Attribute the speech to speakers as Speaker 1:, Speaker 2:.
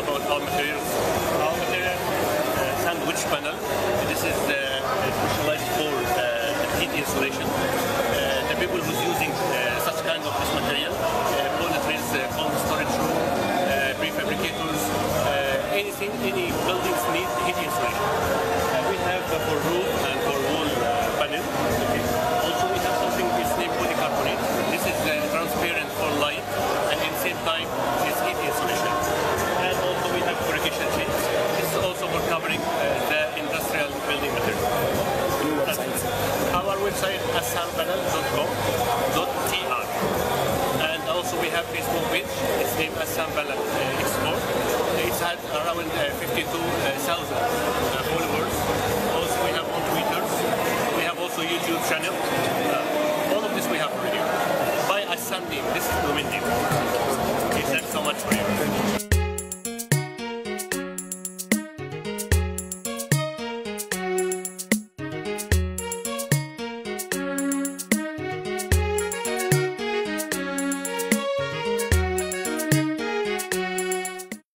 Speaker 1: about our materials. Our material uh, sandwich panel. This is uh, specialized for uh, heat insulation. Uh, the people who's using uh, such kind of this material, uh, toiletries, uh, cold storage room, prefabricators, anything, any buildings need heat insulation. we have for roof sunbalance.com.tr. And also we have Facebook page, it's named as Sunbalance uh, Explore. It had around uh, 52,000 uh, uh, followers. Also we have on Twitter, we have also YouTube channel. Uh, all of this we have already. By a Sunday, this is Lumin Day. Okay, thanks so much for you.